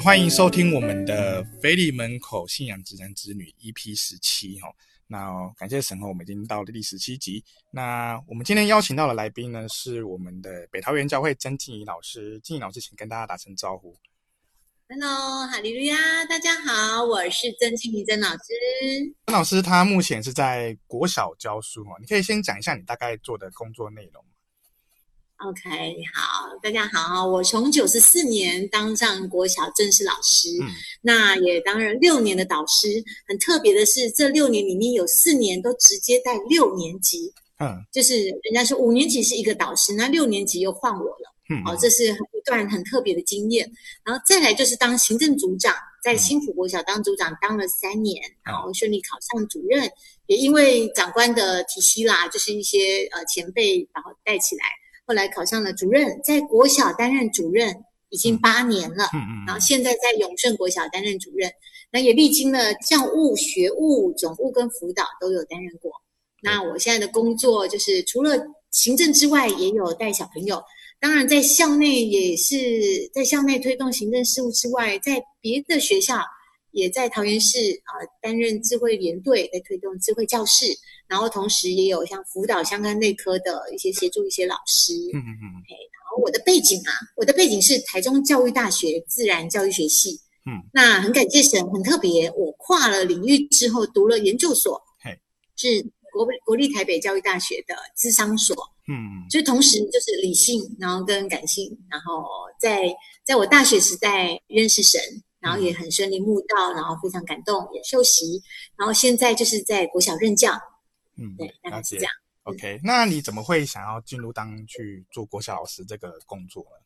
歡迎收聽我們的腓利門口信仰職男職女 EP 十七哈。那感謝神和我們今天已經到了第十七集。那我們今天邀請到的來賓呢，是我們的北桃園教會曾靜怡老師。靜怡老師，請跟大家打聲招呼。Hello，哈利路亞，大家好，我是曾靜怡曾老師。曾老師他目前是在國小教書嘛？你可以先講一下你大概做的工作內容。OK，好，大家好，我從九十四年當上國小正式老師，嗯、那也當了六年的導師。很特別的是，這六年裡面有四年都直接帶六年級，嗯，就是人家說五年級是一個導師，那六年級又換我了，哦、嗯，這是一段很特別的經驗。然後再來就是當行政組長，在新埔國小當組長當了三年，然後順利考上主任，嗯、也因為長官的提攜啦，就是一些呃前輩，然後帶起來。後來考上了主任，在國小擔任主任已經八年了，嗯嗯嗯、然後現在在永順國小擔任主任，那也歷經了教務、學務、總務跟輔導都有擔任過。嗯、那我現在的工作就是除了行政之外，也有帶小朋友。當然在校內也是在校內推動行政事務之外，在別的學校。也在桃園市啊，呃，擔任智慧聯隊來推動智慧教室，然後同時也有像輔導相關內科的一些協助一些老師。嗯嗯嗯。嘿，然後我的背景啊，我的背景是台中教育大學自然教育學系。嗯。那很感謝神，很特別，我跨了領域之後讀了研究所。嘿，是國國立台北教育大學的諮商所。嗯嗯，所以同時就是理性，然後跟感性，然後在在我大學時代認識神。然後也很順利入到，然後非常感動，也受喜，然後現在就是在國小任教。嗯，對，這樣，嗯、是這樣。姐嗯、OK，那你怎麼會想要進入當去做國小老師這個工作呢？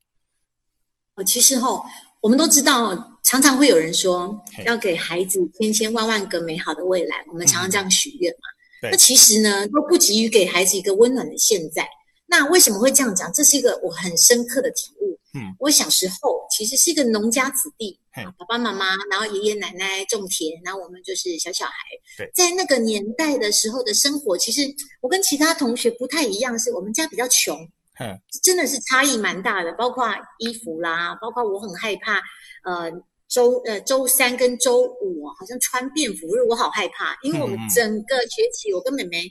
哦，其實哦，我們都知道，常常會有人說 Okay. 要給孩子千千萬萬個美好的未來，我們常常這樣許願嘛。嗯、對，那其實呢，都不急於給孩子一個溫暖的現在。那為什麼會這樣講？這是一個我很深刻的體悟。嗯，我小時候其實是一個農家子弟，爸爸媽媽，然後爺爺奶奶種田，然後我們就是小小孩。對，在那個年代的時候的生活，其實我跟其他同學不太一樣，是我們家比較窮。嗯，真的是差異蠻大的，包括衣服啦，包括我很害怕，呃，週呃週三跟週五好像穿便服，我好害怕，因為我們整個學期我跟妹妹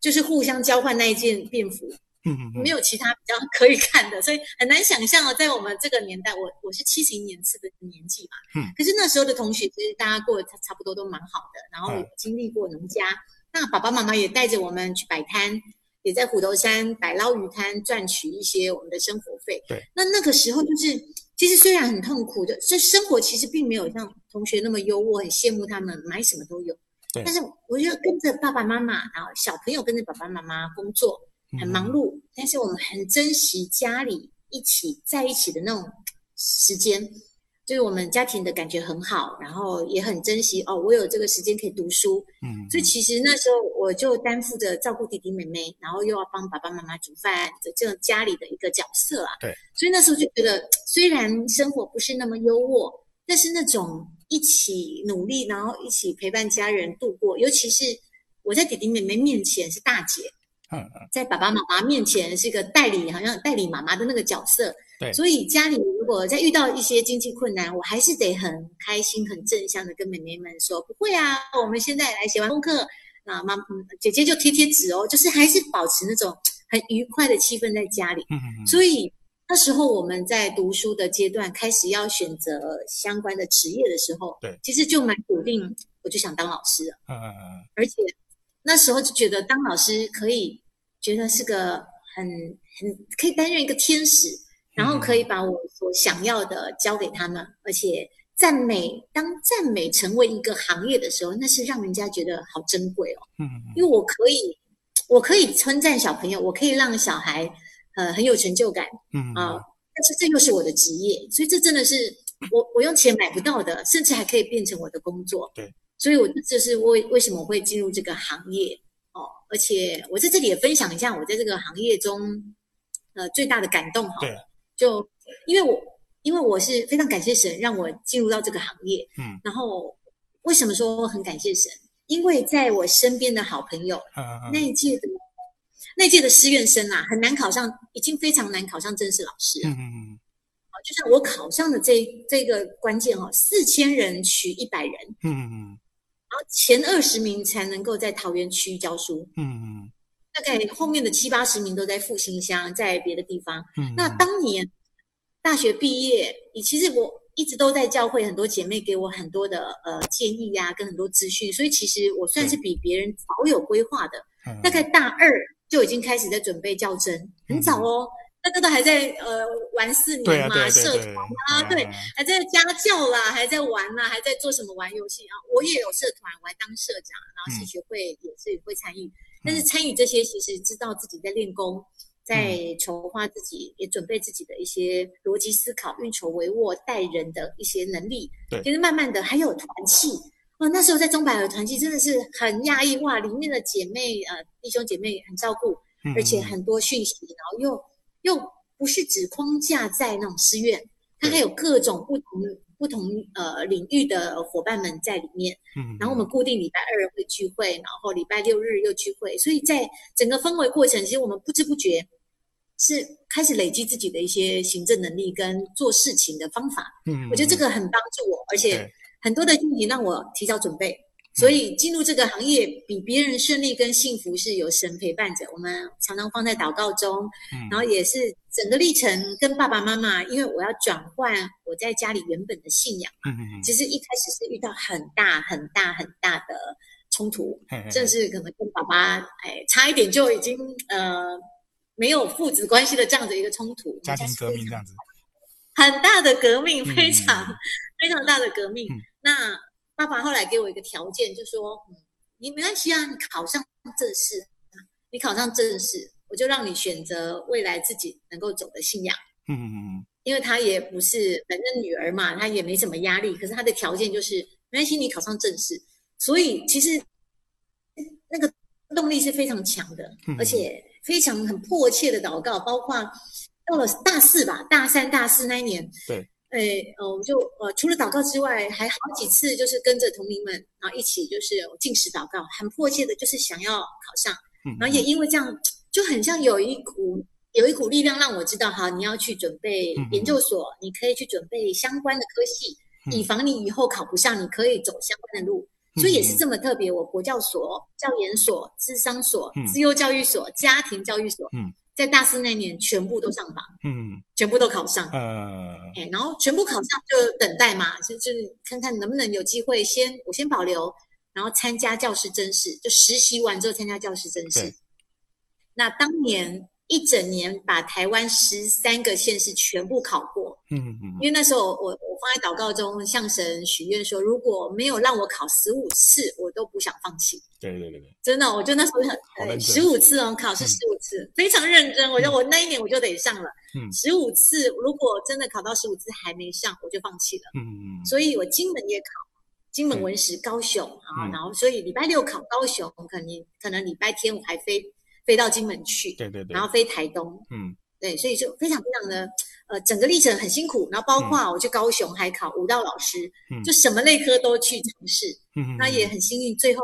就是互相交換那一件便服。嗯嗯，沒有其他比較可以看的，所以很難想象哦，在我們這個年代，我我是七十一年次的年紀嘛，嗯，可是那時候的同學其實大家過得差差不多都蠻好的，然後也經歷過農家，嗯、那爸爸媽媽也帶着我們去擺攤，也在虎頭山擺撈魚攤賺取一些我們的生活費。對，那那個時候就是其實雖然很痛苦的，就生活其實並沒有像同學那麼優渥，很羨慕他們買什麼都有。對，但是我就跟着爸爸媽媽，然後小朋友跟着爸爸媽媽工作。很忙碌，但是我們很珍惜家裡一起在一起的那種時間，就是我們家庭的感覺很好，然後也很珍惜哦，我有這個時間可以讀書，嗯哼，所以其實那時候我就擔負着照顧弟弟妹妹，然後又要幫爸爸媽媽煮飯的這種家裡的一個角色啊，對，所以那時候就覺得雖然生活不是那麼優渥，但是那種一起努力，然後一起陪伴家人度過，尤其是我在弟弟妹妹面前是大姐。在爸爸媽媽面前是一個代理，好像代理媽媽的那個角色。對所以家裡如果再遇到一些經濟困難，我還是得很開心、很正向的跟妹妹們說：“不會啊，我們現在來寫完功課，那、啊、媽姐姐就貼貼紙哦。”就是還是保持那種很愉快的氣氛在家裡。嗯嗯嗯。所以那時候我們在讀書的階段開始要選擇相關的職業的時候，對，其實就蠻篤定，我就想當老師了。了、嗯嗯、而且。那時候就覺得當老師可以，覺得是個很很可以擔任一個天使，然後可以把我所想要的教給他們，而且讚美，當讚美成為一個行業的時候，那是讓人家覺得好珍貴哦。嗯，因為我可以，我可以稱讚小朋友，我可以讓小孩，呃，很有成就感。嗯。啊，但是這又是我的職業，所以這真的是我我用錢買不到的，甚至還可以變成我的工作。對。所以，我這是為為什麼會進入這個行業哦，而且我在這裡也分享一下我在這個行業中呃最大的感動哈。了就因為我因為我是非常感謝神讓我進入到這個行業，嗯，然後為什麼說我很感謝神？因為在我身邊的好朋友，嗯那一屆的、嗯、那屆的師院生啊，很難考上，已經非常難考上正式老師，嗯嗯嗯，就像我考上的這這個關鍵哦，四千人取一百人，嗯嗯嗯。然後前二十名才能夠在桃園區教書，嗯嗯，大概後面的七八十名都在復興鄉，在別的地方。嗯，那當年大學畢業，你其實我一直都在教會很多姐妹，給我很多的呃建議呀、啊，跟很多資訊，所以其實我算是比別人早有規劃的，大概大二就已經開始在準備教甄，很早哦、嗯。嗯嗯嗯大家都還在呃玩四年嘛、啊，啊啊啊啊、社團啊，對，還在家教啦，還在玩啦、啊，還在做什麼？玩遊戲啊！我也有社團，我還當社長，然後是學會也是、嗯、會參與。但是參與這些，其實知道自己在練功，嗯、在籌劃自己，嗯、也準備自己的一些邏輯思考、運籌帷幄、待人的一些能力。對其實慢慢的還有團契。哇、哦，那時候在中百的團契真的是很壓抑哇！裡面的姐妹呃弟兄姐妹很照顧，而且很多訊息，然後又。又不是只框架在那種師院，它還有各種不同不同呃領域的夥伴們在裡面。嗯，然後我們固定禮拜二會聚會，然後禮拜六日又聚會，所以在整個氛圍過程，其實我們不知不覺是開始累積自己的一些行政能力跟做事情的方法。嗯，嗯，嗯，我覺得這個很幫助我，而且很多的問題讓我提早準備。所以進入這個行業比別人順利跟幸福，是有神陪伴着，我們常常放在禱告中，嗯、然後也是整個歷程跟爸爸媽媽，因為我要轉換我在家裡原本的信仰，嗯、哼哼其實一開始是遇到很大很大很大的衝突，嘿嘿嘿甚至可能跟爸爸哎差一點就已經呃沒有父子關係的這樣的一個衝突，家庭革命這樣子，很大的革命，嗯、非常非常大的革命，嗯、那。爸爸後來給我一個條件，就說：“你沒關係啊，你考上正式，你考上正式，我就讓你選擇未來自己能夠走的信仰。嗯”嗯因為他也不是，反正女兒嘛，他也沒什麼壓力。可是他的條件就是，沒關係，你考上正式。所以其實那個動力是非常強的，嗯、而且非常很迫切的禱告，包括到了大四吧，大三、大四那一年。對。哎、欸，呃，我們就呃，除了禱告之外，還好幾次就是跟着同靈們，然後一起就是禁食禱告，很迫切的，就是想要考上。嗯。然後也因為這樣，就很像有一股有一股力量讓我知道，哈，你要去準備研究所，嗯、你可以去準備相關的科系，嗯、以防你以後考不上，你可以走相關的路。所以也是這麼特別，我國教所、教研所、諮商所、嗯、資優教育所、家庭教育所。嗯。在大四那年，全部都上榜，嗯，全部都考上，嗯，哎，然後全部考上就等待嘛，就是看看能不能有機會先我先保留，然後參加教師甄試，就實習完之後參加教師甄試。對那當年。一整年把台灣十三個縣市全部考過，嗯嗯，嗯，因為那時候我我放在禱告中向神許願說，如果沒有讓我考十五次，我都不想放棄。對對對真的，我就那時候很，十五、欸、次哦，考試十五次，嗯、非常認真。我覺得我那一年我就得上了，十五、嗯、次，如果真的考到十五次還沒上，我就放棄了。嗯嗯，所以我金門也考，金門文史、對高雄啊，然後，嗯、然後所以禮拜六考高雄，可能可能禮拜天我還飛。飛到金門去，對對對，然後飛台東，嗯，對，所以就非常非常的，呃，整個歷程很辛苦，然後包括我去高雄還考舞蹈老師，嗯、就什麼類科都去嘗試，嗯，那也很幸運，最後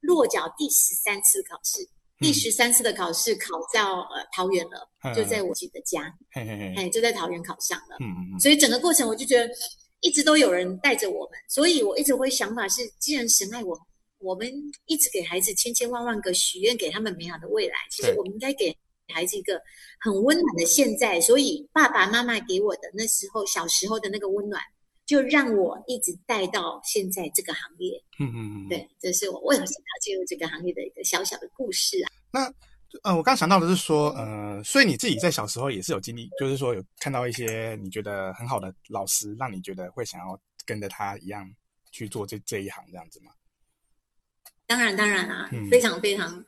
落腳第十三次考試，嗯、第十三次的考試考到呃桃園了，嗯、就在我自己的家，嘿嘿嘿，嘿，就在桃園考上了，嗯嗯嗯，嗯所以整個過程我就覺得一直都有人帶着我們，所以我一直會想法是，既然神愛我。我們一直給孩子千千萬萬個許願，給他們美好的未來。對其實，我們應該給孩子一個很溫暖的現在。所以，爸爸媽媽給我的那時候小時候的那個溫暖，就讓我一直帶到現在這個行業。嗯嗯嗯，嗯嗯對，這是我為什麼要進入這個行業的一個小小的故事啊。那，呃，我剛想到的是說，呃，所以你自己在小時候也是有經歷，就是說有看到一些你覺得很好的老師，讓你覺得會想要跟着他一樣去做這這一行，這樣子嗎？當然當然啊，嗯、非常非常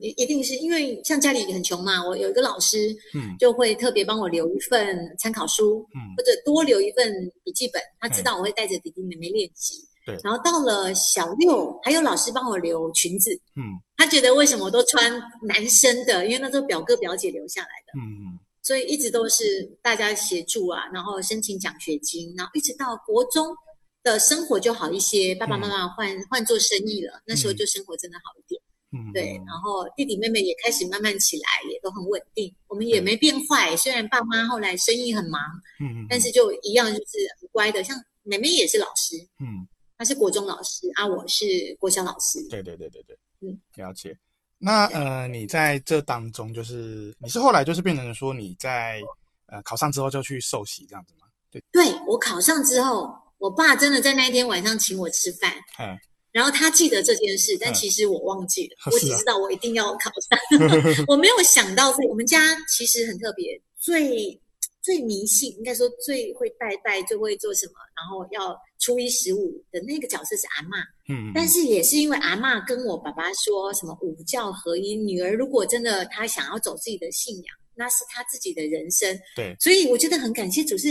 一、嗯、一定是因為像家裡很窮嘛，我有一個老師，嗯，就會特別幫我留一份參考書，嗯，或者多留一份筆記本，嗯、他知道我會帶着弟弟妹妹練習，對。然後到了小六，還有老師幫我留裙子，嗯，他覺得為什麼都穿男生的，因為那時候表哥表姐留下來的，嗯嗯，所以一直都是大家協助啊，然後申請獎學金，然後一直到國中。的生活就好一些，爸爸媽媽換換做生意了，那時候就生活真的好一點。嗯，對。然後弟弟妹妹也開始慢慢起來，也都很穩定。我們也沒變壞，雖然爸媽後來生意很忙，嗯，但是就一樣就是很乖的。像妹妹也是老師，嗯，她是國中老師，啊，我是國小老師。對對對對對，嗯，了解。那呃，你在這當中就是你是後來就是變成說你在呃考上之後就去受洗這樣子嗎？對，對我考上之後。我爸真的在那一天晚上請我吃飯，哎、然後他記得這件事，但其實我忘記了，哎啊、我只知道我一定要考上， 我沒有想到過 我們家其實很特別，最最迷信，應該說最會拜拜，最會做什麼，然後要初一十五的那個角色是阿媽，嗯，嗯，但是也是因為阿媽跟我爸爸說什麼五教合一，女兒如果真的她想要走自己的信仰，那是她自己的人生，對，所以我覺得很感謝主是。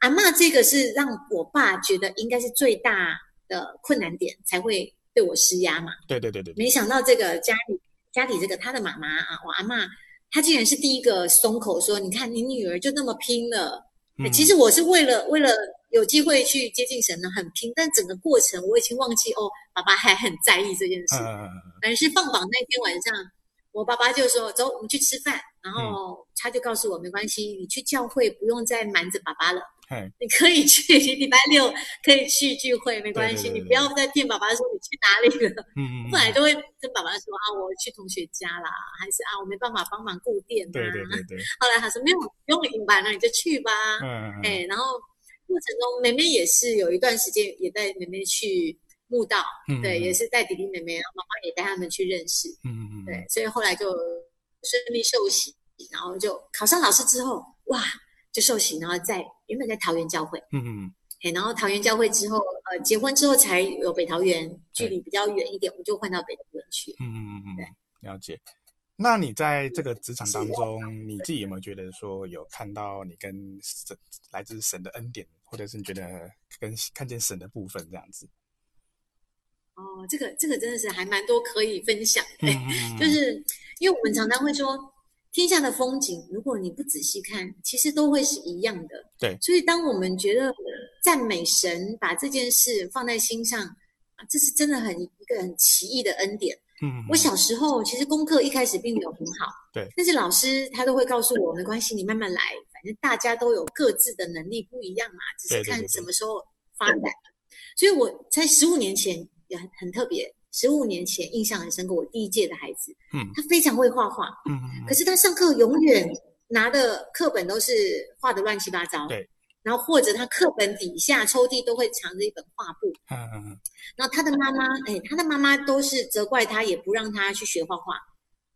阿嬤這個是讓我爸覺得應該是最大的困難點，才會對我施壓嘛。對對對對。沒想到這個家裡家裡這個他的媽媽啊，我阿嬤，她竟然是第一個鬆口說：“你看你女兒就那麼拼了。”嗯、其實我是為了為了有機會去接近神呢，很拼。但整個過程我已經忘記哦，爸爸還很在意這件事。嗯嗯嗯。反正是放榜那天晚上，我爸爸就說：“走，我們去吃飯。”然後他就告訴我：“嗯、沒關係，你去教會不用再瞞着爸爸了。” Hey. 你可以去禮拜六可以去聚會，沒關係。對對對對你不要再騙爸爸說你去哪裡了。嗯嗯。後來就會跟爸爸說啊，我去同學家啦，還是啊，我沒辦法幫忙顧店、啊、對,對對對。後來他說沒有，不用隱瞞那你就去吧。嗯嗯、uh。Huh. 哎，然後過程中妹妹也是有一段時間也帶妹妹去慕道， 對，也是帶弟弟妹妹，然後媽媽也帶他們去認識。嗯嗯嗯。對，所以後來就順利受洗，然後就考上老師之後，哇，就受洗，然後再。原本在桃園教會，嗯嗯，然後桃園教會之後，呃，結婚之後才有北桃園，對距離比較遠一點，我就換到北桃園去。嗯嗯嗯嗯，對了解。那你在這個職場當中，對你自己有沒有覺得說有看到你跟神來自神的恩典，或者是你覺得跟看見神的部分這樣子？哦，這個這個真的是還蠻多可以分享，嗯嗯嗯就是因為我們常常會說。天下的風景，如果你不仔細看，其實都會是一樣的。對，所以當我們覺得讚美神，把這件事放在心上，啊，這是真的很一個很奇異的恩典。嗯，嗯，嗯，我小時候其實功課一開始並沒有很好，對，但是老師他都會告訴我，對沒關係，你慢慢來，反正大家都有各自的能力不一樣嘛，只是看什麼時候發展。對對對對，所以我在十五年前也很很特別。十五年前，印象很深刻。我第一屆的孩子，嗯，他非常會畫畫，嗯嗯，可是他上課永遠拿的課本都是畫的亂七八糟，對。然後或者他課本底下抽屜都會藏着一本畫布，嗯嗯嗯。然後他的媽媽，嗯、哎，他的媽媽都是責怪他，也不讓他去學畫畫。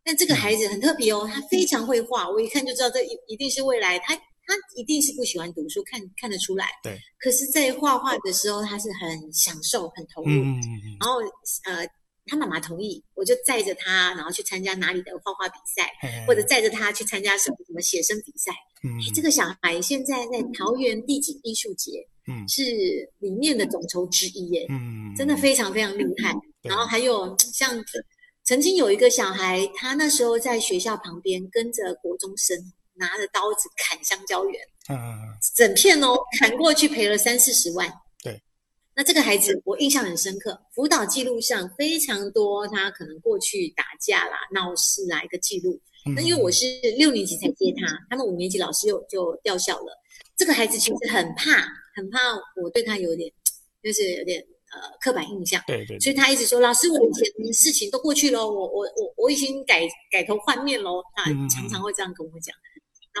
但這個孩子很特別哦，他非常會畫，我一看就知道這一一定是未來他。他一定是不喜歡讀書，看看得出來。對。可是，在畫畫的時候，他是很享受、很投入。嗯、然後，呃，他媽媽同意，我就載着他，然後去參加哪裡的畫畫比賽，嘿或者載着他去參加什麼什麼寫生比賽、嗯。這個小孩現在在桃園地景藝術節，嗯，是裡面的總籌之一耶。嗯。真的非常非常厲害。嗯、然後還有像、呃，曾經有一個小孩，他那時候在學校旁邊跟着國中生。拿着刀子砍香蕉園，啊、整片哦，砍過去賠了三四十萬。對，那這個孩子我印象很深刻，輔導記錄上非常多，他可能過去打架啦、鬧事啊一個記錄。那因為我是六年級才接他，他們五年級老師又就調校了。這個孩子其實很怕，很怕我對他有點，就是有點呃刻板印象。對,對對。所以他一直說：“老師，我以前事情都過去嘍，我我我我已經改改頭換面嘍。”他常常會這樣跟我講。嗯嗯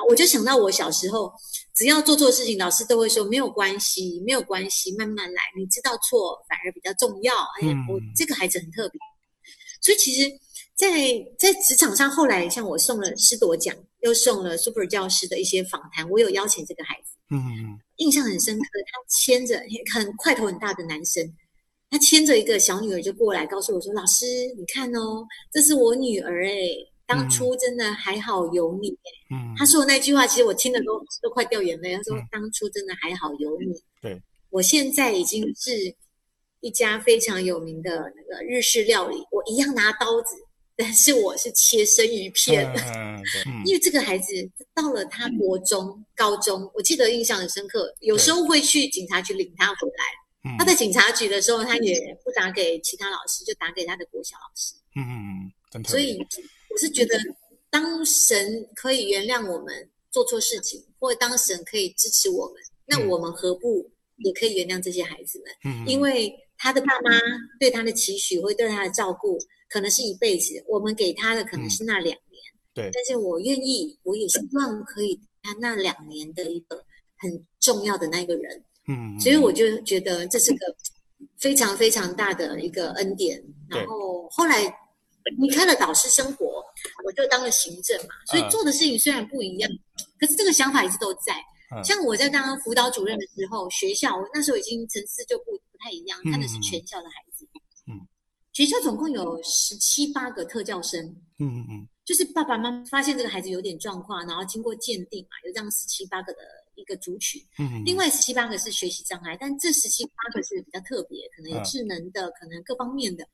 我就想到我小時候，只要做錯事情，老師都會說沒有關係，沒有關係，慢慢來。你知道錯反而比較重要。嗯、哎呀，我這個孩子很特別，所以其實在，在在職場上，後來像我送了師鐸獎，又送了 Super 教師的一些訪談，我有邀請這個孩子。嗯，印象很深刻，他牽着很塊頭很大的男生，他牽着一個小女兒就過來，告訴我說：“老師，你看哦，這是我女兒。”哎。當初真的還好有你。欸，嗯，他說的那句話，其實我聽的都，嗯、都快掉眼淚。他說、嗯、當初真的還好有你。嗯，對，我現在已經是一家非常有名的那個日式料理，我一樣拿刀子，但是我是切生魚片的、嗯，嗯，因為這個孩子到了他國中、嗯、高中，我記得印象很深刻，有時候會去警察局領他回來，嗯、他在警察局的時候，他也不打給其他老師，就打給他的國小老師，嗯嗯嗯，所以。我是覺得，當神可以原諒我們做錯事情，或者當神可以支持我們，那我們何不也可以原諒這些孩子們？嗯，因為他的爸媽對他的期許，會對他的照顧，可能是一輩子。我們給他的可能是那兩年。嗯、對。但是我願意，我也希望可以給他那兩年的一個很重要的那個人。嗯，所以我就覺得這是個非常非常大的一個恩典。然後後來。你開了導師生活，我就當了行政嘛，所以做的事情雖然不一樣，uh, 可是這個想法一直都在。像我在當輔導主任的時候，學校我那時候已經層次就不不太一樣，看的是全校的孩子。嗯，嗯，學校總共有十七八個特教生。嗯嗯嗯，嗯，就是爸爸媽媽發現這個孩子有點狀況，然後經過鑑定嘛，有這樣十七八個的一個族群、嗯。嗯，另外十七八個是學習障礙，但這十七八個是比較特別，可能有智能的，嗯、可能各方面的。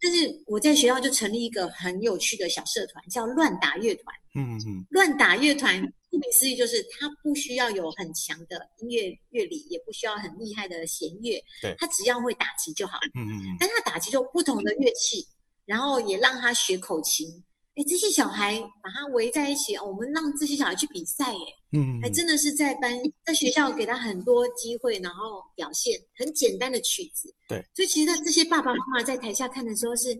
但是我在學校就成立一個很有趣的小社團，叫亂打樂團。嗯嗯嗯，亂 打樂團顧名思義就是他不需要有很強的音樂樂理，也不需要很厲害的弦樂，對，他只要會打擊就好了。嗯嗯嗯， 但他打擊就不同的樂器， 然後也讓他學口琴。哎、欸，這些小孩把他圍在一起、哦，我們讓這些小孩去比賽，哎，嗯，嗯，嗯，還真的是在班在學校給他很多機會，然後表現很簡單的曲子，對，所以其實這些爸爸媽媽在台下看的時候是，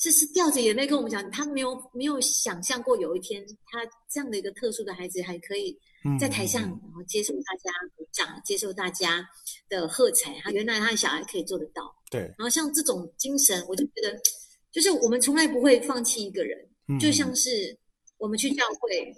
是是掉着眼淚跟我們講，他沒有沒有想象過有一天他這樣的一個特殊的孩子還可以在台上，然後接受大家鼓、嗯嗯嗯、掌，接受大家的喝彩，他原來他的小孩可以做得到，對，然後像這種精神，我就覺得。就是我們從來不會放棄一個人，就像是我們去教會，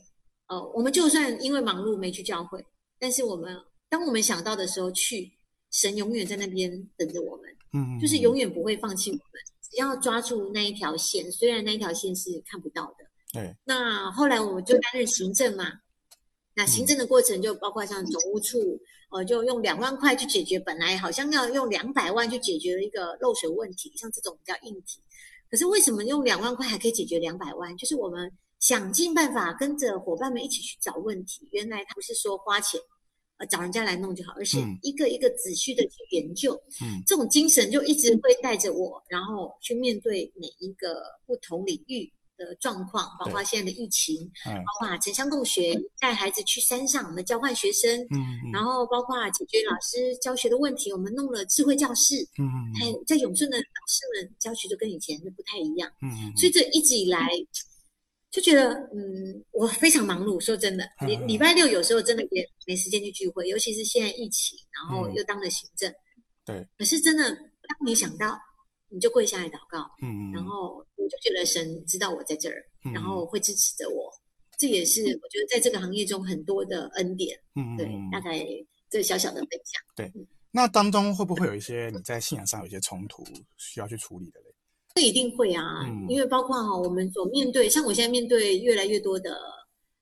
嗯、呃我們就算因為忙碌沒去教會，但是我們當我們想到的時候去，神永遠在那邊等着我們，嗯，就是永遠不會放棄我們，只要抓住那一條線，雖然那一條線是看不到的，對、哎。那後來我們就擔任行政嘛，那行政的過程就包括像總務處，嗯、呃就用兩萬塊去解決本來好像要用兩百萬去解決的一個漏水問題，像這種比較硬體。可是為什麼用兩萬塊還可以解決兩百萬？就是我們想盡辦法跟着夥伴們一起去找問題。原來他不是說花錢，呃，找人家來弄就好，而是一個一個仔細的去研究。嗯，這種精神就一直會帶着我，然後去面對每一個不同領域的狀況，包括現在的疫情，對包括城鄉共學，帶、嗯、孩子去山上，我們交換學生，嗯嗯、然後包括解決老師教學的問題，我們弄了智慧教室，還有、嗯嗯嗯哎、在永順的老師們教學就跟以前不太一樣，嗯嗯、所以這一直以來就覺得，嗯，我非常忙碌。說真的，禮禮、嗯嗯、拜六有時候真的也沒時間去聚會，尤其是現在疫情，然後又當了行政，嗯、對，可是真的，當沒想到。你就跪下來禱告，嗯，然後我就覺得神知道我在這兒，嗯、然後會支持着我。這也是我覺得在這個行業中很多的恩典，嗯，對，大概這小小的分享。對，嗯、那當中會不會有一些你在信仰上有一些衝突需要去處理的嘞？嗯、這一定會啊，嗯、因為包括哈，我們所面對，像我現在面對越來越多的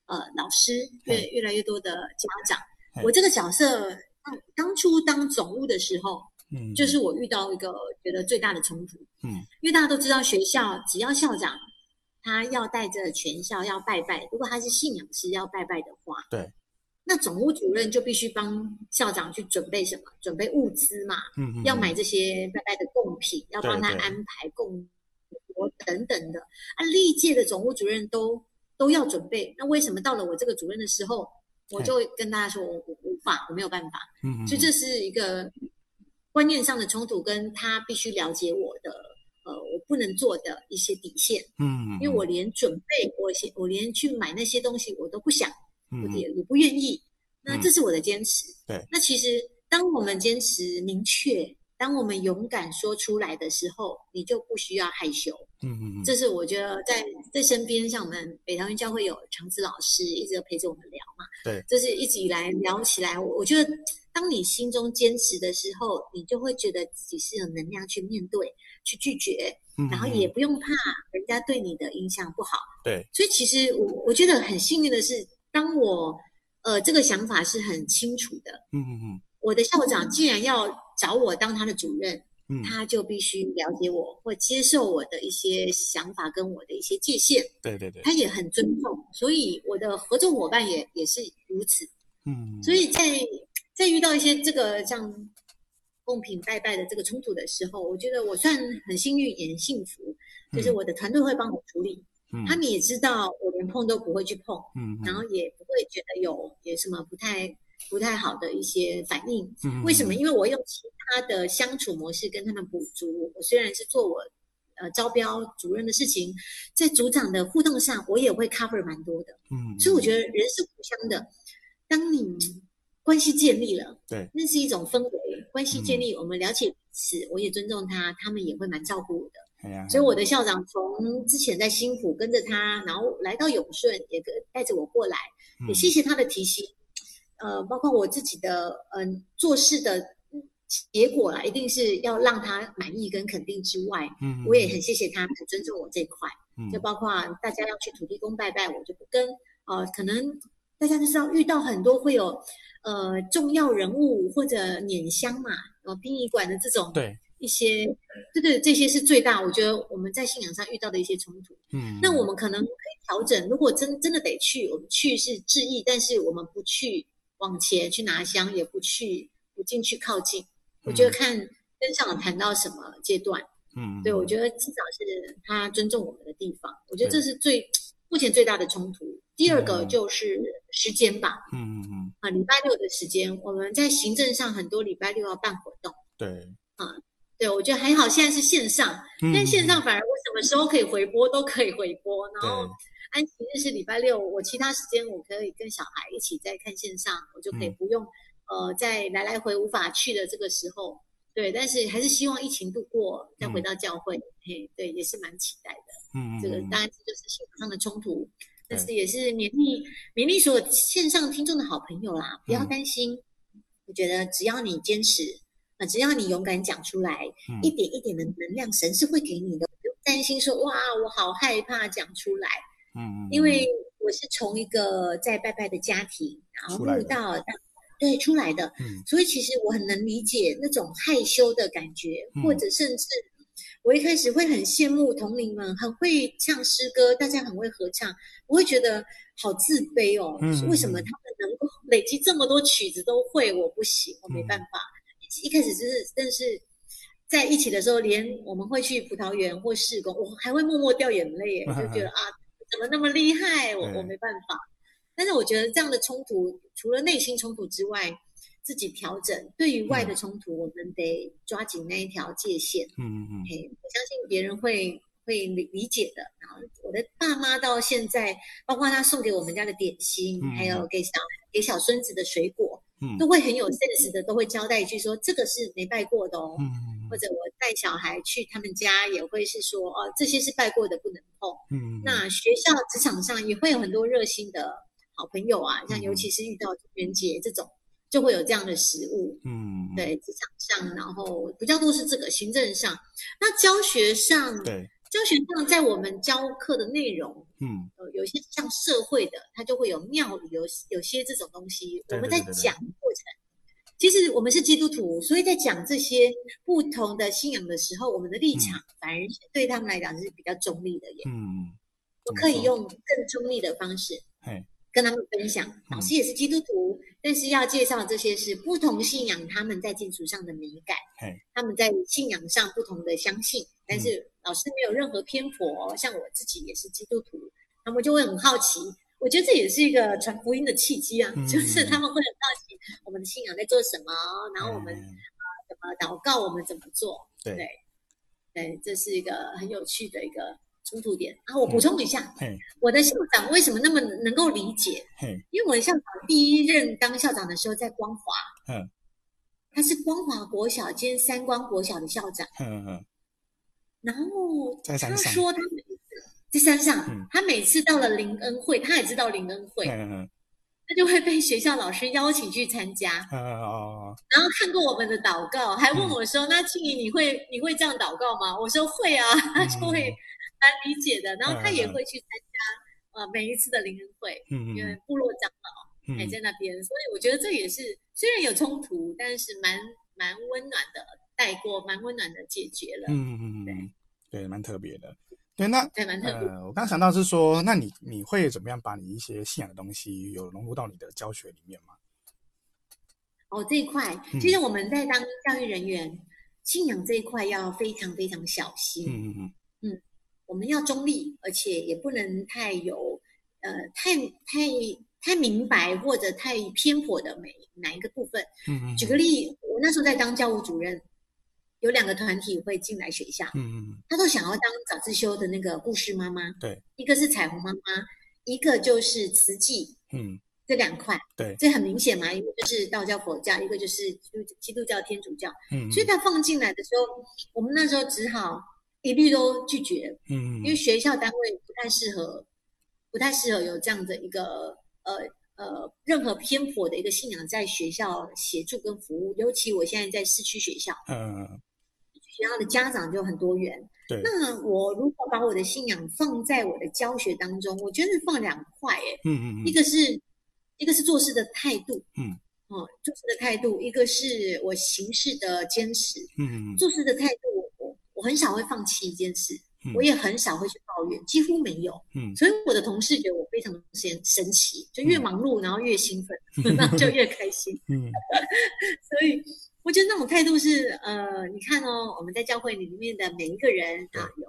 呃老師，越嘿越來越多的家長，嘿我這個角色，當初當總務的時候。就是我遇到一個覺得最大的衝突，嗯，因為大家都知道，學校只要校長他要帶着全校要拜拜，如果他是信仰師要拜拜的話，對，那總務主任就必須幫校長去準備什麼？準備物資嘛，嗯，要買這些拜拜的貢品，嗯、要幫他安排供桌對等等的。啊，歷屆的總務主任都都要準備，那為什麼到了我這個主任的時候，嘿我就跟大家說，我我無法，我沒有辦法，嗯，所以這是一個。觀念上的衝突，跟他必須了解我的，呃，我不能做的一些底線，嗯，嗯因為我連準備，我先，我連去買那些東西，我都不想，嗯、我也也不願意，那這是我的堅持，嗯、對，那其實當我們堅持明確，當我們勇敢說出來的時候，你就不需要害羞，嗯嗯嗯，嗯嗯這是我覺得在在身邊，像我們北桃園教會有長子老師一直陪着我們聊嘛，對，就是一直以來聊起來，我我覺得。當你心中堅持的時候，你就會覺得自己是有能量去面對、去拒絕，然後也不用怕人家對你的印象不好。對，所以其實我我覺得很幸運的是，當我呃這個想法是很清楚的。嗯嗯嗯。我的校長既然要找我當他的主任，嗯、他就必須了解我或接受我的一些想法跟我的一些界限。對對對，他也很尊重，所以我的合作夥伴也也是如此。嗯哼哼。所以在。在遇到一些這個像供品拜拜的這個衝突的時候，我覺得我算很幸運也很幸福，就是我的團隊會幫我處理，他們也知道我連碰都不會去碰，嗯，然後也不會覺得有有什麼不太不太好的一些反應。為什麼？因為我用其他的相處模式跟他們補足。我雖然是做我呃招標主任的事情，在組長的互動上，我也會 cover 蠻多的，嗯，所以我覺得人是互相的，當你。關係建立了，對，那是一種氛圍。關係建立，嗯、我們了解彼此，我也尊重他，他們也會蠻照顧我的。哎、呀所以我的校長從之前在新埔跟着他，然後來到永順也帶着我過來，嗯、也謝謝他的提醒。呃，包括我自己的、呃、做事的結果啦，一定是要讓他滿意跟肯定之外，嗯嗯嗯，我也很謝謝他很尊重我這塊，嗯、就包括大家要去土地公拜拜，我就不跟。呃、可能大家都知道，遇到很多會有。呃，重要人物或者碾香嘛，呃，殯儀館的這種，對，一些，對對，這些是最大，我覺得我們在信仰上遇到的一些衝突。嗯，那我們可能可以調整，如果真真的得去，我們去是致意，但是我們不去往前去拿香，也不去不進去靠近。我覺得看跟上了談到什麼階段，嗯嗯，對我覺得至少是他尊重我們的地方，我覺得這是最對目前最大的衝突。第二個就是時間吧，嗯嗯嗯，啊，禮拜六的時間，我們在行政上很多禮拜六要辦活動，對，啊，對，啊，對，我覺得還好。現在是線上，但線上反而我什麼時候可以回播都可以回播，然後安息日是禮拜六，我其他時間我可以跟小孩一起在看線上，我就可以不用呃再來來回無法去的這個時候，對，但是還是希望疫情度過再回到教會，嘿，對，也是蠻期待的，嗯這個當然就是時間上的衝突。對這是也是勉勵勉勵所有線上聽眾的好朋友啦，不要擔心。嗯、我覺得只要你堅持，啊，只要你勇敢講出來，嗯、一點一點的能量，神是會給你的。不用擔心說哇，我好害怕講出來。嗯，嗯因為我是從一個在拜拜的家庭，然後到對出來的，來的嗯、所以其實我很能理解那種害羞的感覺，嗯、或者甚至。我一開始會很羨慕同齡們，很會唱詩歌，大家很會合唱，我會覺得好自卑哦。為什麼他們能夠累積這麼多曲子都會，我不行，我沒辦法、嗯一。一開始就是，但是在一起的時候，連我們會去葡萄園或事工，我還會默默掉眼淚耶，就覺得、嗯、啊，怎麼那麼厲害，我我沒辦法。嗯、但是我覺得這樣的衝突，除了內心衝突之外，自己調整，對於外的衝突，嗯、我們得抓緊那一條界限。嗯嗯嗯，嗯嘿，我相信別人會會理理解的。然後我的爸媽到現在，包括他送給我們家的點心，嗯、還有給小給小孫子的水果，嗯，都會很有 sense 的，都會交代一句說這個是沒拜過的哦。嗯嗯，或者我帶小孩去他們家，也會是說哦、呃，這些是拜過的，不能碰、嗯。嗯，那學校職場上也會有很多熱心的好朋友啊，嗯、像尤其是遇到元節、嗯、這種。就會有這樣的食物，嗯，對，職場上，然後不叫做是這個行政上，那教學上，對，教學上在我們教課的內容，嗯、呃，有些像社會的，它就會有廟宇，有有些這種東西，對我們在講過程，對對對對其實我們是基督徒，所以在講這些不同的信仰的時候，我們的立場、嗯、反而是對他們來講是比較中立的耶，嗯，我可以用更中立的方式，嗯、嘿。跟他們分享，老師也是基督徒，嗯、但是要介紹這些是不同信仰，他們在敬主上的敏感，嘿他們在信仰上不同的相信，但是老師沒有任何偏頗。嗯、像我自己也是基督徒，他們就會很好奇。我覺得這也是一個傳福音的契機啊，嗯、就是他們會很好奇我們的信仰在做什麼，嗯、然後我們啊、嗯呃、怎麼禱告，我們怎麼做？對，對，這是一個很有趣的一個。衝突點啊！然後我補充一下，我的校長為什麼那麼能夠理解？因為我的校長第一任當校長的時候在光華，他是光華國小兼三光國小的校長。嗯，然後他說他每次，在山上，他每次到了林恩會，他也知道林恩會，他就會被學校老師邀請去參加。嗯，然後看過我們的禱告，還問我說：“那靜怡，你會你會這樣禱告嗎？”我說：“會啊。”他就會。蠻理解的，然後他也會去參加，嗯、呃，每一次的靈恩會，嗯，因為部落長老還在那邊，嗯、所以我覺得這也是雖然有衝突，但是蠻蠻溫暖的帶過，蠻溫暖的解決了，嗯嗯嗯，對，對蠻特別的，對那對蠻特別的、呃。我剛想到是說，那你你會怎麼樣把你一些信仰的東西有融入到你的教學裡面嗎？哦，這一塊、嗯、其實我們在當教育人員，信仰這一塊要非常非常小心，嗯嗯嗯，嗯。我們要中立，而且也不能太有，呃，太太太明白或者，太偏頗，的每哪一個部分。嗯，嗯，嗯，舉個例，我那時候在當教務主任，有兩個團體會進來學校。嗯他、嗯嗯、都想要當早自修的那個故事媽媽。對。一個是彩虹媽媽，一個就是慈濟。嗯。這兩塊。對。這很明顯嘛，一個就是道教佛教，一個就是基督基督教天主教。嗯，嗯，嗯。所以他放進來的時候，我們那時候只好一律都拒絕，因為學校單位不太適合，不太適合有這樣的一個呃呃任何偏頗的一個信仰在學校協助跟服務。尤其我現在在市區學校，呃、學校的家長就很多元，對那我如何把我的信仰放在我的教學當中？我覺得是放兩塊，欸，嗯嗯嗯一個是一個是做事的態度，嗯，嗯，做事的態度，一個是我行事的堅持，嗯嗯做事的態度。很少會放棄一件事，嗯、我也很少會去抱怨，幾乎沒有。嗯，所以我的同事覺得我非常神神奇，嗯、就越忙碌，然後越興奮，嗯、然後就越開心。嗯， 所以我覺得那種態度是，呃，你看哦，我們在教會裡面的每一個人啊，對有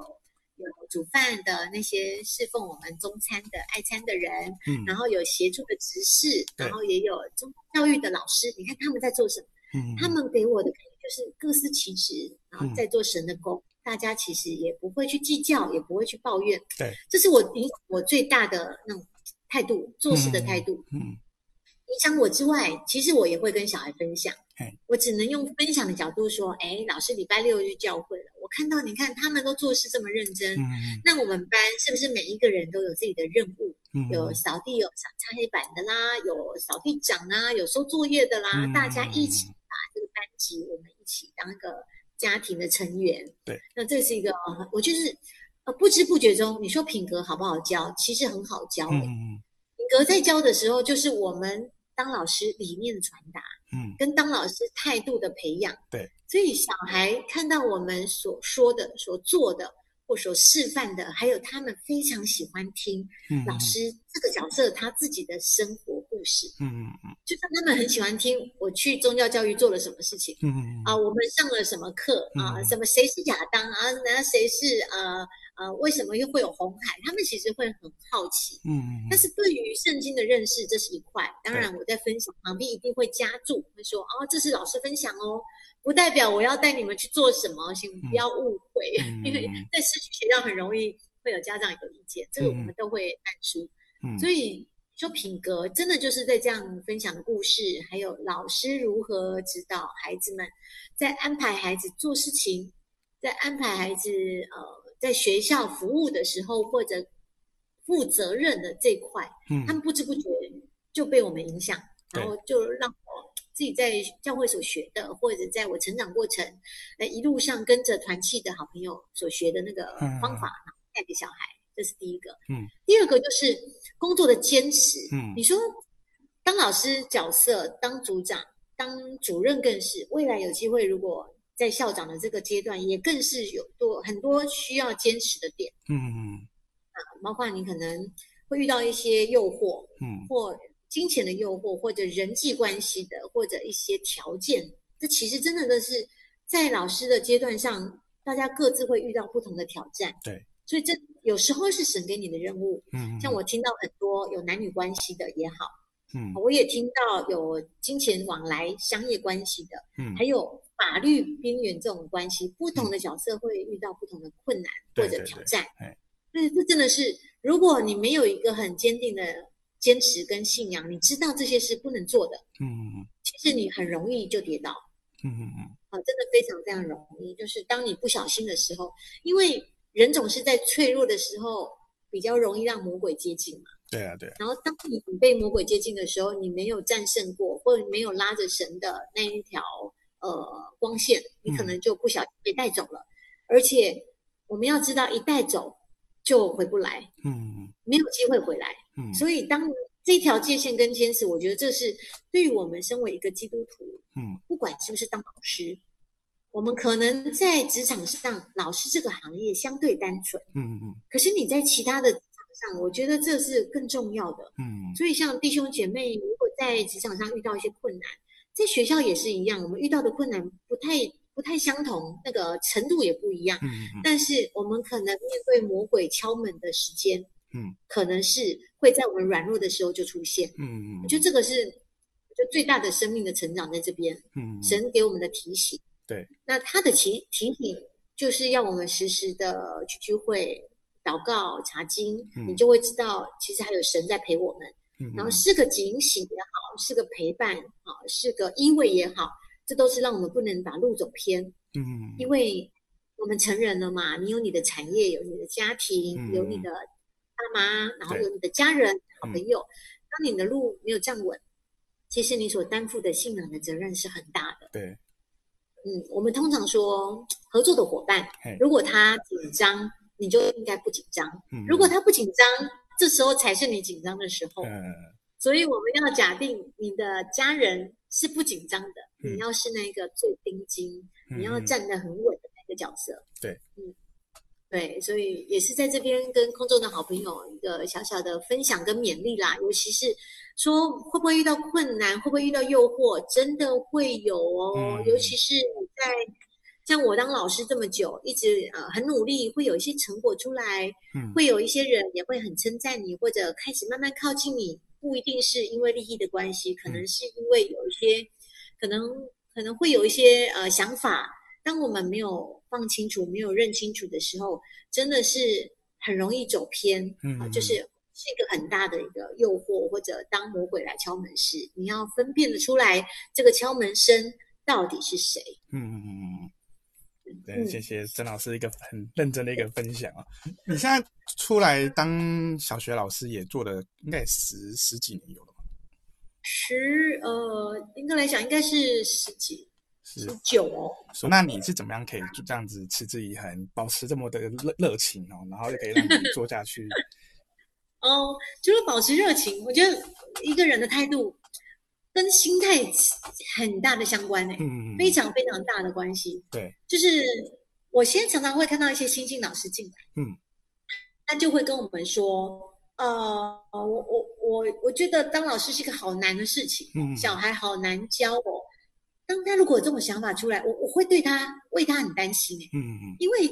有煮飯的那些侍奉我們中餐的愛餐的人，嗯、然後有協助的執事，對然後也有中教育的老師，你看他們在做什麼？嗯，他們給我的。就是各司其職，然後在做神的工，嗯、大家其實也不會去計較，也不會去抱怨。對、嗯，這是我我最大的那種態度，做事的態度。嗯，影、嗯、響我之外，其實我也會跟小孩分享。嗯、我只能用分享的角度說，誒、哎，老師禮拜六去教會了，我看到你看他們都做事這麼認真。嗯、那我們班是不是每一個人都有自己的任務？嗯、有掃地，有擦黑板的啦，有掃地獎啊，有收作業的啦，嗯、大家一起。嗯這個班級，我們一起當一個家庭的成員。對，那這是一個，我就是呃不知不覺中，你說品格好不好教？其實很好教的。嗯嗯。品格在教的時候，就是我們當老師理念的傳達，嗯，跟當老師態度的培養。對。所以小孩看到我們所說的、所做的。或所示範的，還有他們非常喜歡聽老師這個角色、嗯、他自己的生活故事，嗯嗯嗯，就像他們很喜歡聽我去宗教教育做了什麼事情，嗯嗯嗯，啊，我們上了什麼課、嗯、啊，什麼誰是亞當啊，那誰是呃呃、啊啊，為什麼又會有紅海？他們其實會很好奇，嗯嗯，嗯嗯但是對於聖經的認識，這是一塊，當然我在分享對旁邊一定會加注，會說啊、哦，這是老師分享哦。不代表我要帶你們去做什麼，請不要誤會，嗯嗯、因為在市區學校很容易會有家長有意見，嗯、這個我們都會看書。嗯嗯、所以說品格真的就是在這樣分享的故事，還有老師如何指導孩子們，在安排孩子做事情，在安排孩子呃在學校服務的時候或者負責任的這一塊，嗯、他們不知不覺就被我們影響，嗯、然後就讓。自己在教會所學的，或者在我成長過程，誒，一路上跟着團契的好朋友所學的那個方法，嗯、帶給小孩，這是第一個。嗯，第二個就是工作的堅持。嗯，你說當老師角色，當組長，當主任更是，未來有機會如果在校長的這個階段，也更是有多很多需要堅持的點。嗯嗯，嗯啊，包括你可能會遇到一些誘惑。嗯，或。金錢的誘惑，或者人際關係的，或者一些條件，這其實真的都是在老師的階段上，大家各自會遇到不同的挑戰。對，所以這有時候是神給你的任務。嗯，像我聽到很多有男女關係的也好，嗯，我也聽到有金錢往來、商業關係的，嗯，還有法律邊緣這種關係，不同的角色會遇到不同的困難或者挑戰。對，所以這真的是，如果你沒有一個很堅定的。堅持跟信仰，你知道這些是不能做的。嗯嗯嗯。其實你很容易就跌倒。嗯嗯嗯。嗯嗯啊，真的非常非常容易，就是當你不小心的時候，因為人總是在脆弱的時候比較容易讓魔鬼接近嘛。對啊，對啊。然後當你被魔鬼接近的時候，你沒有戰勝過，或者沒有拉着神的那一條呃光線，你可能就不小心被，嗯，帶走了。而且我們要知道，一帶走就回不來。嗯嗯。嗯沒有機會回來。嗯，所以當這條界限，跟堅持，我覺得這是對於我們身為一個基督徒，嗯，不管是不是當老師，我們可能在職場上，老師這個行業相對單純，嗯嗯，可是你在其他的職場上，我覺得這是更重要的，嗯，所以像弟兄姐妹，如果在職場上遇到一些困難，在學校也是一樣，我們遇到的困難不太不太相同，那個程度也不一樣，但是我們可能面對魔鬼敲門的時間。嗯，可能是會在我們軟弱的時候就出現嗯哼。嗯嗯，我覺得這個是，就最大的生命的成長在這邊。嗯，神給我們的提醒、嗯哼。對，那他的提提醒就是要我們時時的去聚會、禱告、查經，你就會知道其實還有神在陪我們。嗯哼，然後是個警醒也好，是個陪伴也好，是個依偎也好，這都是讓我們不能把路走偏。嗯，因為我們成人了嘛，你有你的產業，有你的家庭，嗯、哼有你的。爸媽，然後有你的家人、好朋友。當你的路沒有站穩，其實你所擔負的信仰的責任是很大的。對，嗯，我們通常說，合作的夥伴，如果他緊張，你就應該不緊張；如果他不緊張，這時候才是你緊張的時候。所以我們要假定你的家人是不緊張的，你要是那個最冰晶，你要站得很穩的那個角色。對，嗯。對，所以也是在這邊跟空中的好朋友一個小小的分享跟勉勵啦。尤其是說會不會遇到困難，會不會遇到誘惑，真的會有哦。嗯、尤其是在像我當老師這麼久，一直呃很努力，會有一些成果出來，嗯、會有一些人也會很稱讚你，或者開始慢慢靠近你。不一定是因為利益的關係，可能是因為有一些、嗯、可能可能會有一些呃想法，當我們沒有。放清楚，沒有認清楚的時候，真的是很容易走偏，嗯，嗯、啊，就是是一個很大的一個誘惑，或者當魔鬼來敲門時，你要分辨得出來這個敲門聲到底是誰？嗯嗯嗯嗯嗯。對，謝謝曾老師一個很認真的一個分享啊。嗯、你現在出來當小學老師也做了應該十十幾年有了吧？十呃，應該來講應該是十幾。是很久哦。以以那你是怎麼樣可以這樣子持之以恆，保持這麼的熱熱情哦，然後就可以讓你做下去？ 哦，就是保持熱情。我覺得一個人的態度跟心態很大的相關呢、欸，嗯、非常非常大的關係。對，就是我現在常常會看到一些新進老師進來，嗯，他就會跟我們說，呃我我我我覺得當老師是一個好難的事情，嗯、小孩好難教哦。當他如果有這種想法出來，我我會對他為他很擔心，嗯嗯，因為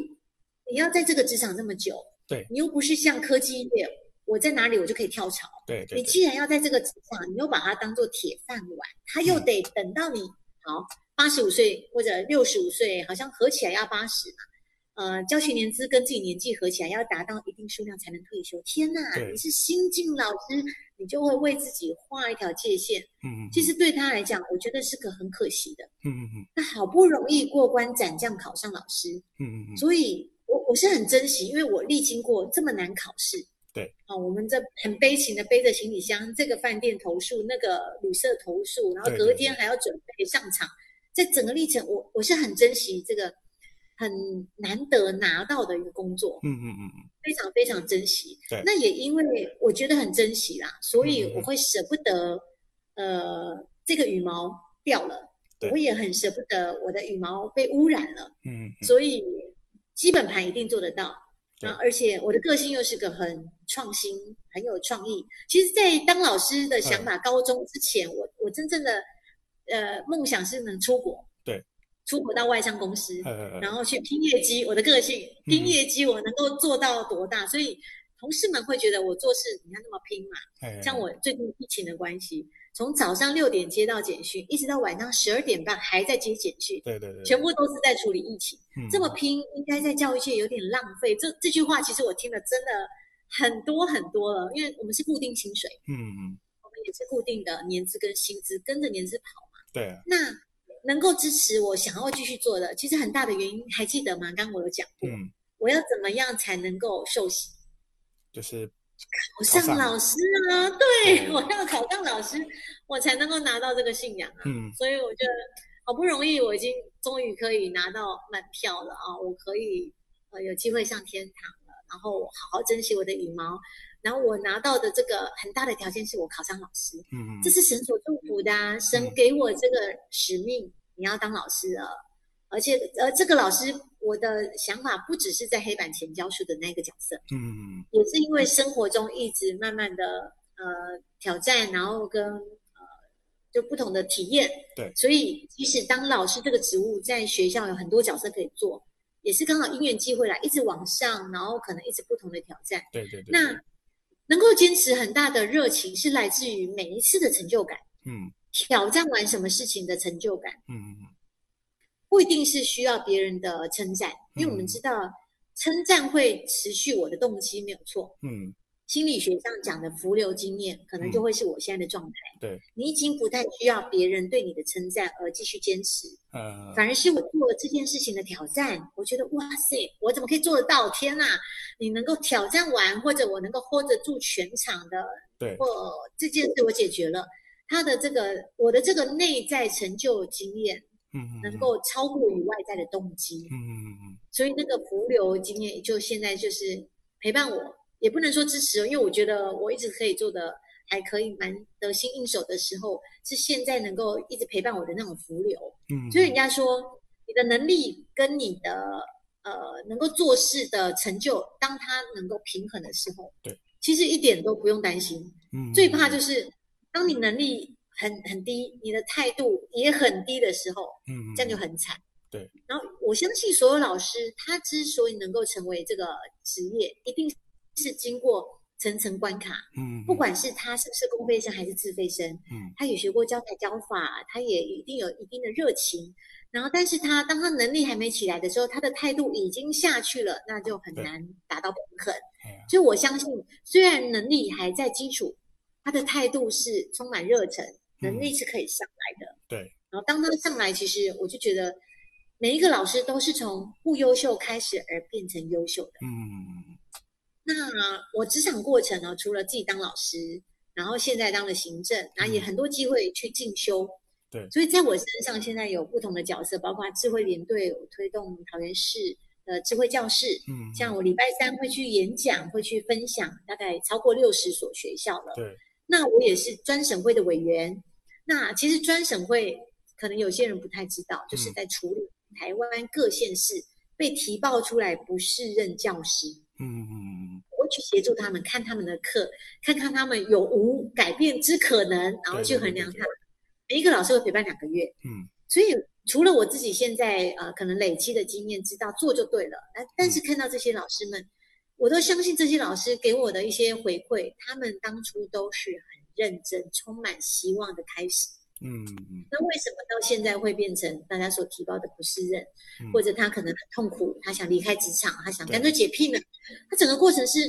你要在這個職場這麼久，對，你又不是像科技業，我在哪裡我就可以跳槽，對對，對，你既然要在這個職場，你又把它當做鐵飯碗，他又得等到你、嗯、好八十五歲或者六十五歲，好像合起來要八十嘛，呃，教學年資跟自己年紀合起來要達到一定數量才能退休，天哪，對，你是新進老師。你就會為自己畫一條界限，嗯嗯，其實對他來講，嗯、哼我覺得是個很可惜的，嗯嗯哼嗯。他好不容易過關斬將考上老師，嗯嗯哼嗯。所以我我是很珍惜，因為我歷經過這麼難考試，對，啊、哦，我們這很悲情的背着行李箱，這個飯店投宿，那個旅社投宿，然後隔天還要準備上場，在整個歷程，我我是很珍惜這個。很難得拿到的一個工作，嗯嗯嗯，非常非常珍惜。對、嗯嗯嗯，那也因為我覺得很珍惜啦，對所以我會捨不得，嗯嗯嗯呃，這個羽毛掉了，對我也很捨不得我的羽毛被污染了，嗯，嗯，嗯，所以基本盤一定做得到，對啊，而且我的個性又是個很創新、很有創意。其實，在當老師的想法高中之前，對我我真正的呃夢想是能出國。出國到外商公司，嗯、然後去拼業績。我的個性拼業績，我能夠做到多大？嗯、所以同事們會覺得我做事你看那麼拼嘛。哎、像我最近疫情的關係，從早上六點接到簡訊，一直到晚上十二點半還在接簡訊。對對對，全部都是在處理疫情。嗯啊、這麼拼，應該在教育界有點浪費。這這句話其實我聽了真的很多很多了，因為我們是固定薪水。嗯嗯，我們也是固定的年資跟薪資，跟着年資跑嘛。對、啊，那。能夠支持我想要繼續做的，其實很大的原因還記得嗎？剛剛我有講過，過、嗯、我要怎麼樣才能夠受洗？就是考上老師啊，上對、嗯、我要考上老師，我才能夠拿到這個信仰啊。嗯、所以我覺得好不容易，我已經終於可以拿到滿票了啊，我可以呃有機會上天堂了，然後好好珍惜我的羽毛。然後我拿到的這個很大的條件是我考上老師，嗯嗯哼，這是神所祝福的，啊，嗯、神給我這個使命，嗯、你要當老師了，而且呃，這個老師我的想法不只是在黑板前教書的那個角色，嗯嗯哼也是因為生活中一直慢慢的呃挑戰，然後跟呃就不同的體驗，對，所以其實當老師這個職務在學校有很多角色可以做，也是剛好因緣機會來一直往上，然後可能一直不同的挑戰，對，對對對，那。能夠堅持很大的熱情，是來自於每一次的成就感。嗯、挑戰完什麼事情的成就感。嗯、不一定是需要別人的稱讚，嗯、因為我們知道稱讚會持續我的動機，沒有錯。嗯。心理學上講的浮流經驗，可能就會是我現在的狀態。嗯、對，你已經不太需要別人對你的稱讚而繼續堅持，嗯、呃，反而是我做了這件事情的挑戰。我覺得，哇塞，我怎麼可以做得到？天吶，你能夠挑戰完，或者我能夠 hold 得、e、住全場的，對，或、哦、這件事我解決了，他的這個我的這個內在成就經驗，嗯、嗯、嗯能夠超過於外在的動機，嗯、嗯、嗯。所以那個浮流經驗，就現在就是陪伴我。也不能說支持哦，因為我覺得我一直可以做的還可以蠻得心應手的時候，是現在能夠一直陪伴我的那種福流。嗯哼，所以人家說你的能力跟你的呃能夠做事的成就，當它能夠平衡的時候，對，其實一點都不用擔心。嗯哼，最怕就是當你能力很很低，你的態度也很低的時候，嗯哼，這樣就很慘。對，然後我相信所有老師他之所以能夠成為這個職業，一定，是經過層層關卡，嗯，不管是他是不是公費生還是自費生，嗯，嗯，他也學過教材教法，他也一定有一定的熱情。然後，但是他當他能力還沒起來的時候，他的態度已經下去了，那就很難達到平衡。對所以，我相信，雖然能力還在基礎，他的態度是充滿熱忱，能力是可以上來的。嗯、對。然後，當他上來，其實我就覺得，每一個老師都是從不優秀開始而變成優秀的。嗯。那我職場過程呢、哦？除了自己當老師，然後現在當了行政，然後、嗯、也很多機會去進修。對，所以在我身上現在有不同的角色，包括智慧聯隊，我推動桃園市的智慧教室。嗯，像我禮拜三會去演講，嗯、會去分享，大概超過六十所學校了。對，那我也是專審會的委員。那其實專審會可能有些人不太知道，嗯、就是在處理台灣各縣市、嗯、被提報出來不適任教師、嗯。嗯嗯嗯。去協助他們，看他們的課，看看他們有無改變之可能，然後去衡量他們。每一個老師會陪伴兩個月，嗯，所以除了我自己現在呃可能累積的經驗知道做就對了。哎，但是看到這些老師們，我都相信這些老師給我的一些回饋，他們當初都是很認真、充滿希望的開始。嗯嗯，嗯，那為什麼到現在會變成大家所提到的不適任？嗯、或者他可能很痛苦，他想離開職場，他想乾脆解聘呢？對他整個過程是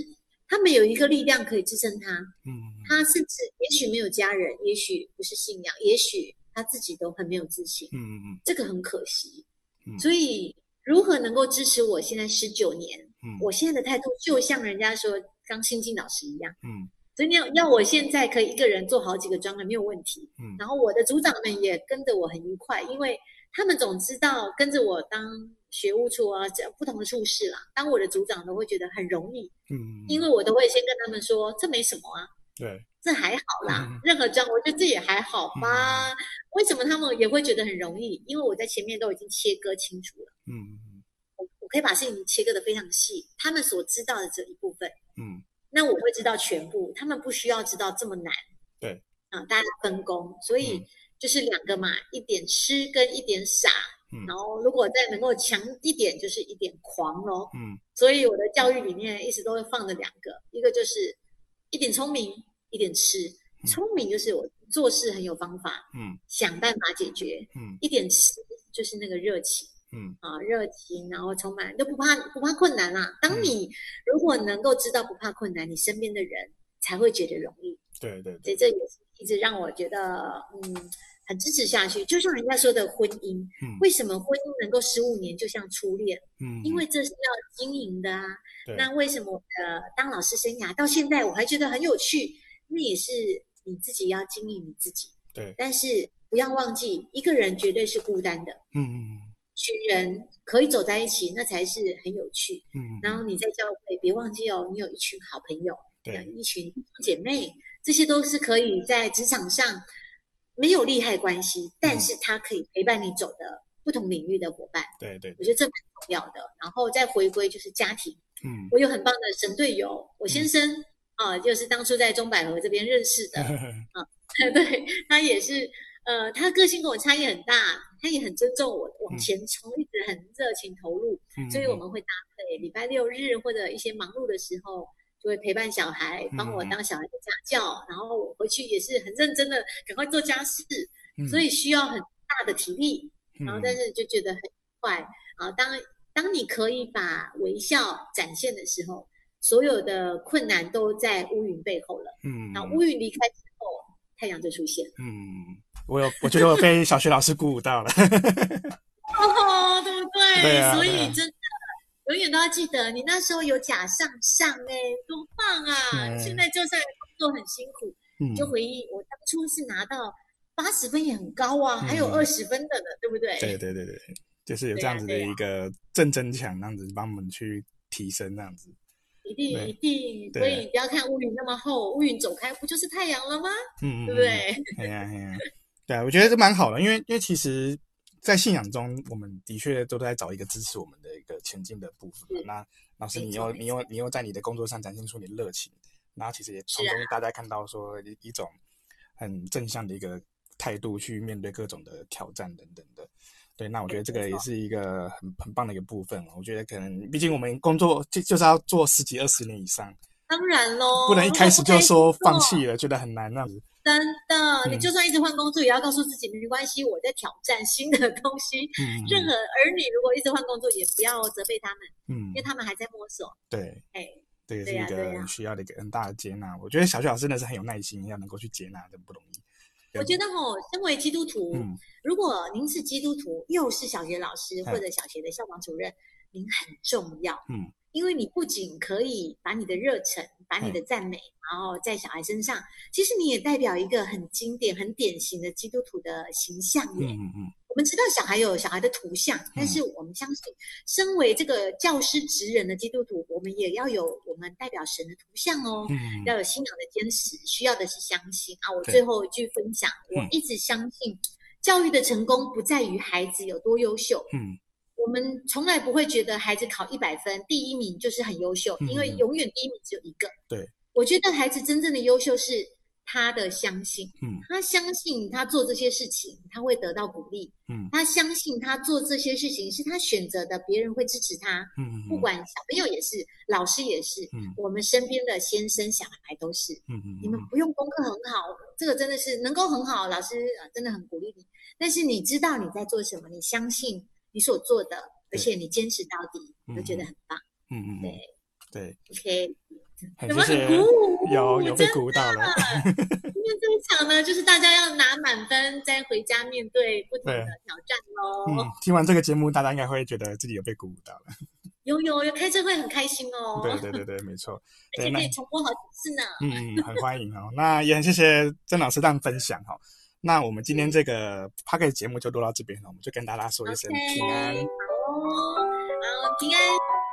他沒有一個力量可以支撐他嗯，嗯，他甚至也許沒有家人，也許不是信仰，也許他自己都很沒有自信，嗯嗯，嗯嗯，這個很可惜。嗯、所以如何能夠支持我現在十九年？嗯，我現在的態度就像人家說剛新進老師一樣，嗯。嗯真的要我現在可以一個人做好幾個專案，沒有問題。嗯，然後我的組長們也跟着我很愉快，因為他們總知道跟着我當學務處啊，這不同的處室啦，當我的組長都會覺得很容易。嗯，因為我都會先跟他們說，這沒什麼啊。對，這還好啦。嗯、任何專我覺得這也還好吧。嗯、為什麼他們也會覺得很容易？因為我在前面都已經切割清楚了。嗯，嗯我我可以把事情切割得非常細，他們所知道的這一部分。嗯。那我會知道全部，他們不需要知道這麼難。對，啊、呃，大家分工，所以就是兩個嘛，嗯、一點癡跟一點傻。嗯，然後如果再能夠強一點，就是一點狂咯、哦。嗯，所以我的教育裡面一直都會放着兩個，一個就是一點聰明，一點癡。聰明就是我做事很有方法，嗯，想辦法解決。嗯，一點癡就是那個熱情。嗯，啊、哦，熱情，然後充滿都不怕不怕困難啦、啊。當你如果能夠知道不怕困難，嗯、你身邊的人才會覺得容易。對對對，所以這也一直讓我覺得，嗯，很支持下去。就像人家說的，婚姻，嗯、為什麼婚姻能夠十五年就像初戀？嗯，因為這是要經營的啊。嗯、那為什麼對呃，當老師生涯到現在我還覺得很有趣？那也是你自己要經營你自己。對。但是不要忘記，一個人絕對是孤單的。嗯嗯。嗯一群人可以走在一起，那才是很有趣。嗯，然後你在教會，別忘記哦，你有一群好朋友，對，一群姐妹，這些都是可以在職場上沒有利害關係，嗯、但是他可以陪伴你走的不同領域的夥伴。對對，對我覺得這蠻重要的。然後再回歸就是家庭，嗯，我有很棒的神隊友，我先生啊、嗯呃，就是當初在鍾百合這邊認識的，嗯、 啊，對他也是。呃，他的個性跟我差異很大。他也很尊重我往前衝，一直很熱情投入，嗯、所以我們會搭配禮拜六日或者一些忙碌的時候，就會陪伴小孩，幫我當小孩的家教，嗯、然後回去也是很認真的趕快做家事，嗯、所以需要很大的體力，然後但是就覺得很快，然後當，當你可以把微笑展現的時候，所有的困難都在烏雲背後了，嗯，然後烏雲離開之後，太陽就出現了，嗯。我有，我覺得我被小學老師鼓舞到了，哦，對不對？對啊，所以真的永遠都要記得，你那時候有甲上上哎，多棒啊！現在就算工作很辛苦，就回憶我當初是拿到八十分也很高啊，還有二十分的呢，對不對？對對對對，就是有這樣子的一個正增強，這樣子幫我們去提升，這樣子，一定一定。所以不要看烏雲那麼厚，烏雲走開不就是太陽了嗎？嗯，對不對？對、啊、我覺得這蠻好的，因為因為其實，在信仰中，我們的確都在找一個支持我們的一個前進的部分。嗯、那老師，你又、嗯、你又你又在你的工作上展現出你熱情，那、嗯、其實也從中大家看到說一、啊、一種很正向的一個態度去面對各種的挑戰等等的。對，那我覺得這個也是一個很很棒的一個部分。我覺得可能畢竟我們工作就就是要做十幾二十年以上。當然咯，不能一開始就說放棄了，覺得很難那樣子。真的，你就算一直換工作，也要告訴自己，沒關係，我在挑戰新的東西。任何兒女如果一直換工作，也不要責備他們，因為他們還在摸索。對，對對，是一個需要的一個很大的接納。我覺得小學老師真的是很有耐心，要能夠去接納，的不容易。我覺得吼，身為基督徒，如果您是基督徒，又是小學老師或者小學的校長主任，您很重要，嗯。因為你不僅可以把你的熱忱、把你的讚美，對然後在小孩身上，其實你也代表一個很經典、很典型的基督徒的形象耶。嗯嗯。嗯，我們知道小孩有小孩的圖像，嗯、但是我們相信，身為這個教師職人的基督徒，我們也要有我們代表神的圖像哦。嗯。嗯，要有信仰的堅持，需要的是相信啊。我最後一句分享，對我一直相信，嗯、教育的成功不在於孩子有多優秀。嗯。我們從來不會覺得孩子考一百分第一名就是很優秀，因為永遠第一名只有一個。嗯、對，我覺得孩子真正的優秀是他的相信，嗯，他相信他做這些事情他會得到鼓勵，嗯，他相信他做這些事情是他選擇的，別人會支持他，嗯嗯。嗯，不管小朋友也是，老師也是，嗯、我們身邊的先生小孩都是，嗯嗯。嗯嗯，你們不用功課很好，這個真的是能夠很好，老師真的很鼓勵你。但是你知道你在做什麼，你相信。你所做的，而且你堅持到底，都對覺得很棒。嗯嗯對對。對 OK，真的很，、嗯、很鼓舞，有有被鼓舞到了。今天這一場呢， 就是大家要拿滿分，再回家面對不停的挑戰哦。嗯，聽完這個節目，大家應該會覺得自己有被鼓舞到了。有有，有開車會很開心哦。 對對對對，沒錯。而且可以重播好幾次呢。嗯，很歡迎哦。那也很謝謝曾老師這樣分享哈、哦。那我們今天這個 podcast 節目就錄到這邊了，我們就跟大家說一聲平安，好哦 Okay，啊，平安。